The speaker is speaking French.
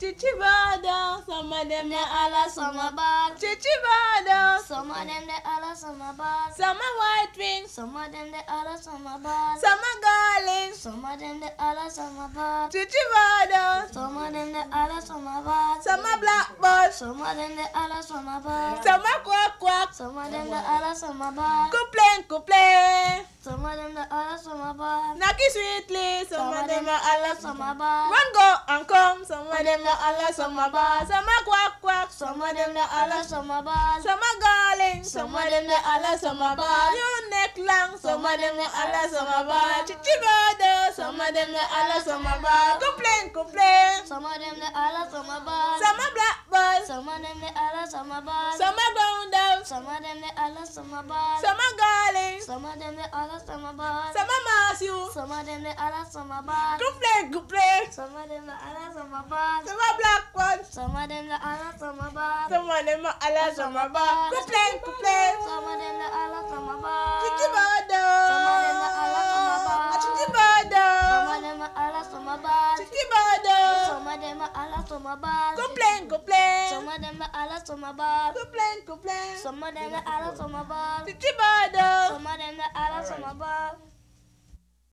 Çiçi bada sama de ala sama bad. Çiçi bada sama demle ala sama bad. Sama white wing sama demle ala sama ba Sama garland sama de ala sama bal. Çiçi bada sama demle ala sama black Sama blackbird sama the ala sama bad. Sama quack quack sama de ala sama ba Complain complain sama them ala sama bad. Naki sweetly sama demle ala sama ba One go encore Some of them not Allah, some are bad. Some are quack quack, some of them not Allah, some are bad. Some are garling, some of them not Allah, some are bad. You neck long, some of them not Allah, some are bad. Chichi some of them not Allah, some are bad. Complain, complain. Some of them not Allah, some are bad. Some are black boys, some of them not Allah, some are bad. Some are ground up, some of them not Allah, some are bad. Some are garling, some of them not Allah, some are bad. Some are mass you, some of them not Allah, some are bad. Complain, complain. Some of them sama ba. Sama black one. Sama them the Allah sama ba. Sama them the Allah sama ba. Good play, good play. Sama them the Allah sama ba. Chichi bado. Sama them the Allah sama ba. Chichi bado. Sama them the Allah sama ba. Chichi bado. Sama them the Allah sama ba. Good play, good play. Sama them the Allah sama ba. Good play, good play. Sama them the Allah sama ba. Chichi bado. Sama them the Allah sama ba.